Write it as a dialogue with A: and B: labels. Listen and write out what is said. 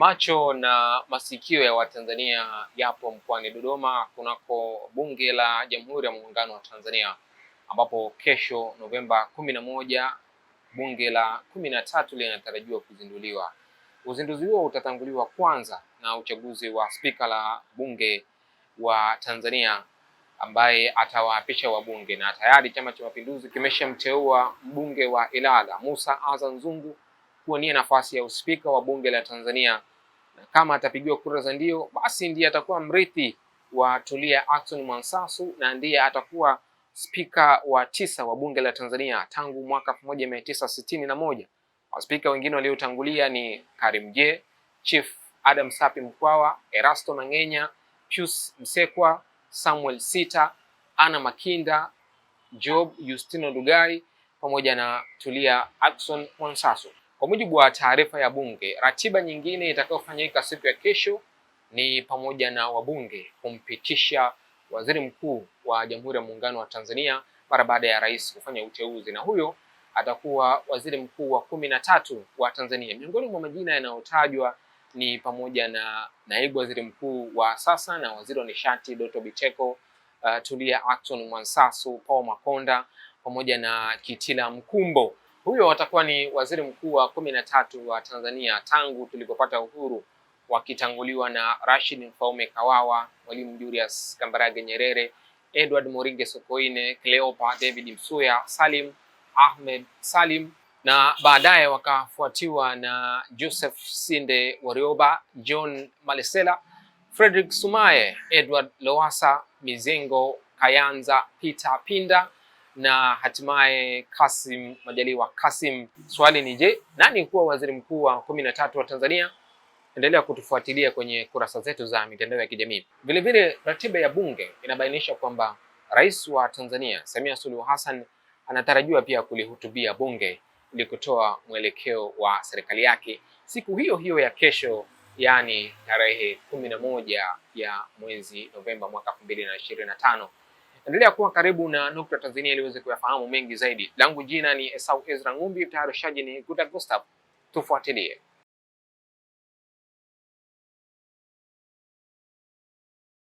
A: Macho na masikio ya Watanzania yapo mkoani Dodoma kunako Bunge la Jamhuri ya Muungano wa Tanzania, ambapo kesho Novemba kumi na moja bunge la kumi na tatu linatarajiwa kuzinduliwa. Uzinduzi huo utatanguliwa kwanza na uchaguzi wa spika la bunge wa Tanzania ambaye atawaapisha wabunge, na tayari Chama cha Mapinduzi kimeshamteua mbunge wa Ilala Musa Azan Zungu kuwania nafasi ya uspika wa bunge la Tanzania, na kama atapigiwa kura za ndio, basi ndiye atakuwa mrithi wa Tulia Ackson Mwansasu na ndiye atakuwa spika wa tisa wa bunge la Tanzania tangu mwaka 1961. Waspika wengine waliotangulia ni Karim J, Chief Adam Sapi Mkwawa, Erasto Mang'enya, Pius Msekwa, Samuel Sita, ana Makinda, Job Justino Ndugai pamoja na Tulia Ackson Mwansasu. Kwa mujibu wa taarifa ya Bunge, ratiba nyingine itakayofanyika siku ya kesho ni pamoja na wabunge kumpitisha waziri mkuu wa Jamhuri ya Muungano wa Tanzania mara baada ya rais kufanya uteuzi, na huyo atakuwa waziri mkuu wa kumi na tatu wa Tanzania. Miongoni mwa majina yanayotajwa ni pamoja na naibu waziri mkuu wa sasa na waziri wa nishati Dr. Biteko, uh, Tulia Ackson Mwansasu, Paul Makonda pamoja na Kitila Mkumbo huyo atakuwa ni waziri mkuu wa kumi na tatu wa Tanzania tangu tulipopata uhuru, wakitanguliwa na Rashid Mfaume Kawawa, Mwalimu Julius Kambarage Nyerere, Edward Moringe Sokoine, Cleopa David Msuya, Salim Ahmed Salim na baadaye wakafuatiwa na Joseph Sinde Warioba, John Malesela, Frederick Sumaye, Edward lowasa Mizengo Kayanza, Peter Pinda na hatimaye kasim Majaliwa kasim Swali ni je, nani kuwa waziri mkuu wa kumi na tatu wa Tanzania? Endelea kutufuatilia kwenye kurasa zetu za mitandao ya kijamii. Vilevile, ratiba ya bunge inabainisha kwamba rais wa Tanzania Samia Suluhu Hassan anatarajiwa pia kulihutubia bunge ili kutoa mwelekeo wa serikali yake siku hiyo hiyo ya kesho, yaani tarehe kumi na moja ya mwezi Novemba mwaka elfu mbili na ishirini na tano. Endelea kuwa karibu na Nukta Tanzania ili uweze kuyafahamu mengi zaidi. Langu jina ni Esau Ezra Ngumbi, mtayarishaji ni Guda Gustav. Tufuatilie.